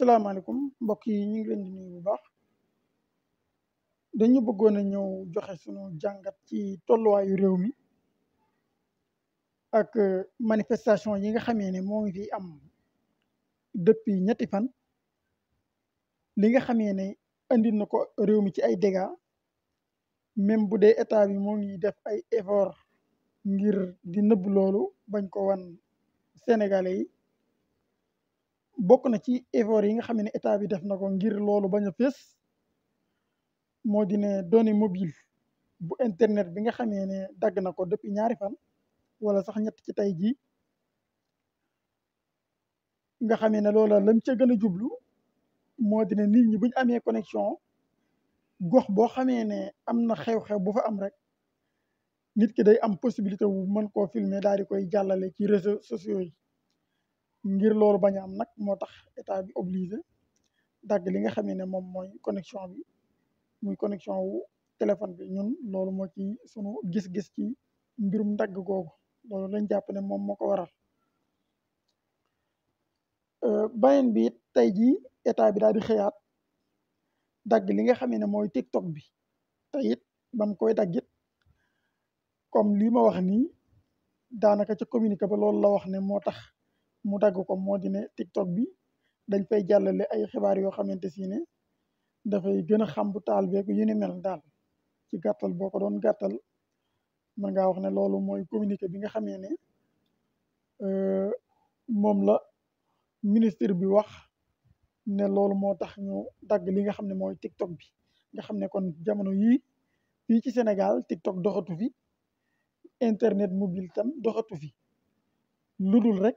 salaamaaleykum mbokk yi ñu ngi leen di nuyu bu baax dañu bëggoon a ñëw joxe suñu jàngat ci tolluwaayu réew mi ak euh, manifestation yi nga xamee ne moo ngi fi am depuis ñetti fan li nga xamee ne andi na ko réew mi ci ay dégâts même bu dee état bi moo ngi def ay effort ngir di nëbb loolu bañ ko wan sénégalais yi bokk na ci effort yi nga xam ne état bi def na ko ngir loolu bañ a fees moo di ne données mobile bu internet bi nga xamee ne dagg na ko depuis ñaari fan wala sax ñett ci tey jii nga xamee ne loola lam ca gën a jublu moo di ne nit ñi buñ amee connexion gox boo xamee ne am na xew-xew bu fa am rek nit ki day am possibilité wu mën ko filmer daal di koy jàllale ci réseaux sociaux yi ngir loolu bañ a am nag moo tax état bi obligé dagg li nga xam ne moom mooy connexion bi muy connexion wu téléphone bi ñun loolu moo ci sunu gis-gis ci mbirum dagg googu loolu lañ jàpp ne moom moo ko waral euh, beneen bi it tey jii état bi daal di xëyaat dagg li nga xam ne mooy TikTok bi te it bam koy daggit comme lii ma wax nii daanaka ca communiqué ba loolu la wax ne moo tax mu dagg ko moo di ne TikTok bi dañ fay jàllale ay xibaar yoo xamante si ne dafay gën a xam bu taal beeg yu ni mel daal ci gàttal boo ko doon gàttal mën ngaa wax ne loolu mooy communiqué bi nga xamee ne euh, moom la ministre bi wax ne loolu moo tax ñu dagg li nga xam ne mooy TikTok bi nga xam ne kon jamono yii fii ci Sénégal TikTok doxatu fi internet mobile tam doxatu fi ludul rek.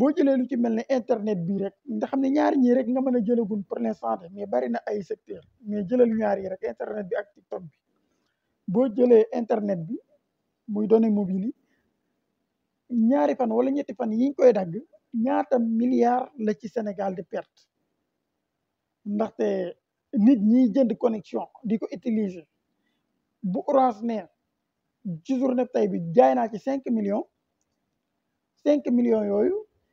boo jëlee lu ci mel ne internet bi rek ndaxam xam ne ñaar ñii rek nga mën a jëlagun pour l'instant mais bari na ay secteur mais jëlal ñaar yi rek internet bi ak TikTok bi boo jëlee internet bi muy données mobiles yi ñaari fan wala ñetti fan yiñ koy dagg ñaata milliards la ci Sénégal de perte ndaxte nit ñiy jënd connexion di ko utiliser bu Orange ne ci journée tey bi jaay naa ci cinq millions cinq millions yooyu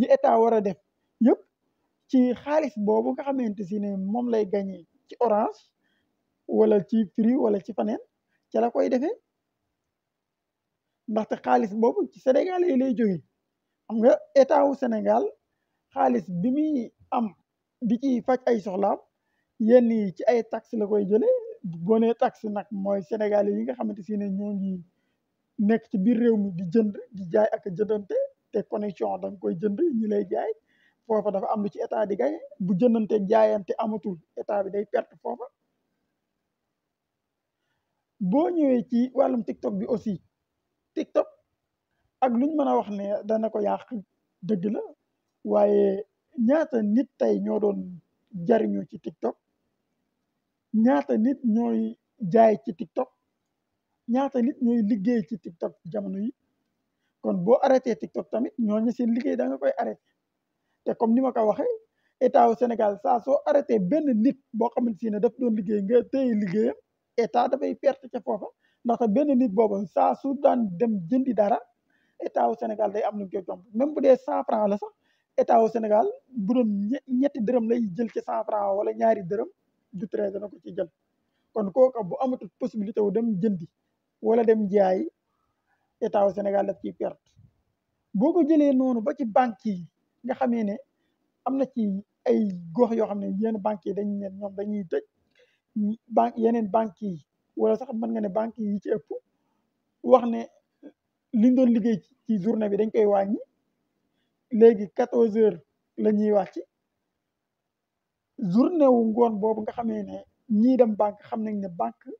yi état war a def yépp ci xaalis boobu nga xamante si ne moom lay gagné ci orange wala ci Free wala ci faneen ca la koy defee ndaxte xaalis boobu ci Sénégal yi lay jóge xam nga état wu Sénégal xaalis bi muy am di ci faj ay soxlaam yenn yi ci ay taxes la koy jële bone taxe nag mooy Sénégal yi nga xamante si ne ñoo ngi nekk ci biir réew mi di di jaay ak jëndante te connexion da koy jënd ñi lay jaay foofa dafa am lu ci état di gaye bu jëndante jaayante amatul état bi day perte foofa boo ñëwee ci wàllum TikTok bi aussi TikTok ak luñ mën a wax ne dana ko yàq dëgg la waaye ñaata nit tey ñoo doon jariñoo ci TikTok ñaata nit ñooy jaay ci TikTok ñaata nit ñooy liggéey ci TikTok jamono yi kon boo arrêté TikTok tamit ñooñu seen liggéey da nga koy arrêté te comme ni ma ko waxee état wu Sénégal saa soo arrêté benn nit boo xamante ne daf doon liggéey nga téye liggéeyam état dafay perte ca foofa ndaxte benn nit boobu saa su daan dem jëndi dara état wu Sénégal day am lu ñu koy jomb même bu dee cent franc la sax état wu Sénégal bu doon ñetti dërëm lay jël ci cent franc wala ñaari dërëm du treize ko ci jël kon kooka bu amatul possibilité wu dem jëndi wala dem jaayi. état wu Sénégal daf ci perte boo ko jëlee noonu ba ci banque yi nga xamee ne am na ci ay gox yoo xam ne yenn banques yi dañuy ne ñoom dañuy tëj banque yeneen banques yi wala sax mën nga ne banques yi ci ëpp wax ne liñ doon liggéey ci journée bi dañ koy wàññi léegi quatorze heures la ñuy wàcc journée wu ngoon boobu nga xamee ne ñii dem banque xam nañ ne banque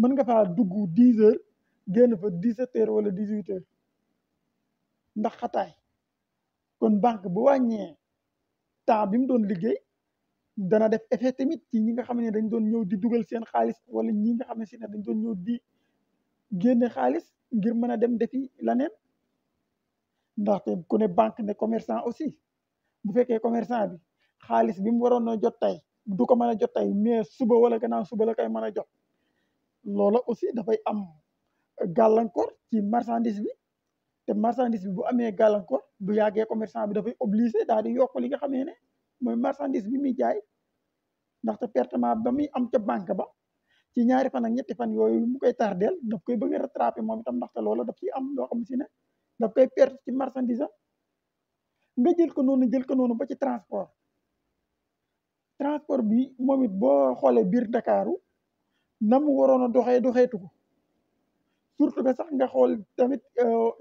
mën nga faa dugg dix heures génn fa dix-sept wala dix-huit heures ndax xataay kon banque bu wàññee temps bi mu doon liggéey dana def effet tamit ci ñi nga xam ne dañ doon ñëw di dugal seen xaalis wala ñi nga xam ne si ne dañ doon ñëw di génne xaalis ngir mën a dem defi laneen ndaxte ku ne banque ne commerçant aussi bu fekkee commerçant bi xaalis bi mu waroon a jot tey du ko mën a jot tey mais suba wala gannaaw suba la koy mën a jot loolo aussi dafay am gàllankoor ci marchandise bi te marchandise bi bu amee gàllankoor bu yàggee commerçant bi dafay obligé daal di yokk li nga xamee ne mooy marchandise bi muy jaay ndaxte pertement ba muy am ca banque ba ci ñaari fan ak ñetti fan yooyu mu koy tardeel daf koy bëgg a rattrapé moom itam ndaxte loola daf ciy am loo xam si daf koy perte ci marchandise am nga jël ko noonu jël ko noonu ba ci transport transport bi moom it boo xoolee biir Ndakaaru na mu waroon a doxee doxeetu ko surtout que sax nga xool tamit euh,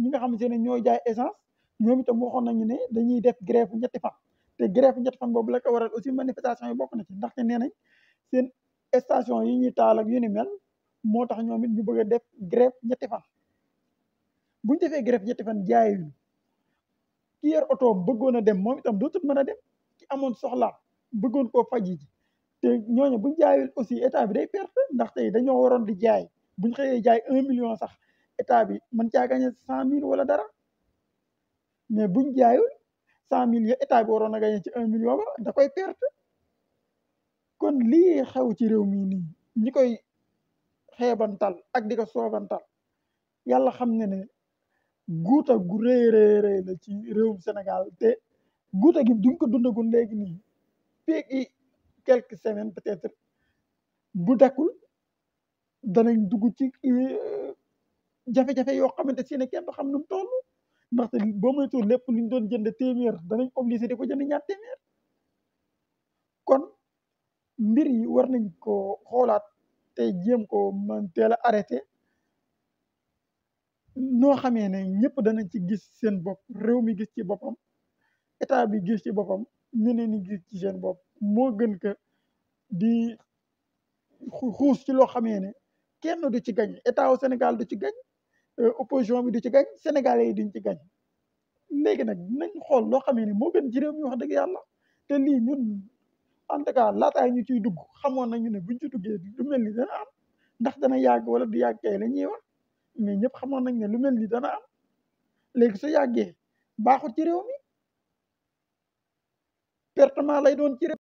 ñi nga xamante ne ñooy jaay essence ñoom itam waxoon ñu ne dañuy def grève ñetti fa te grève ñetti fan boobu la ko waral aussi manifestation yi bokk na ci ndaxte nee nañ seen station yi ñuy taal ak yu mel moo tax ñoom it ñu bëgg a def grève ñetti fa buñ defee grève ñetti fan jaay ki yor oto bëggoon a dem moom itam dootul mën a dem ki amoon soxlaa bëggoon koo faji te ñooñu buñ jaayul aussi état bi day perte ndaxte dañoo waroon di jaay bu ñu xëyee jaay un million sax état bi man caa gagné cent mille wala dara mais buñ jaayul cent mille ya état bi waroon a gagné ci un million ba da koy perte kon lii xew ci réew mii nii ñi koy xeebantal ak di ko soobantal yàlla xam ne ne guuta gu rëy rëy rëy ci réewum Sénégal te guuta gi duñ ko dundagul léegi nii feegi quelque semaine peut-être bu dakkul danañ dugg ci euh, jafe-jafe yoo xamante si ne kenn du xam nu mu toll ndaxte boo moytuwul lépp luñ doon jënd téeméer danañ obligé di ko jënd ñaar kon mbir yi war nañ ko xoolaat te jéem ko man teel a arrêté noo xamee ne ñëpp danañ ci gis seen bopp réew mi gis ci boppam état bi gis ci boppam ñeneen ñi gis ci seen bopp moo gën que di xuus ci loo xamee ne kenn du ci gañ état au Sénégal du ci gañ euh, opposition bi du ci gañ sénégalais yi duñ ci gañ léegi nag nañ xool loo xamee ni moo gën ci réew mi wax dëgg yàlla te lii ñun en tout cas laataay ñu ciy dugg xamoon nañu ne buñ ci duggee lu mel ni dana am ndax dana yàgg wala du yàgg kay la ñuy wax mais ñëpp xamoon nañ ne lu mel ni dana am léegi su yàggee baaxut ci réew mi pertement lay doon ci réew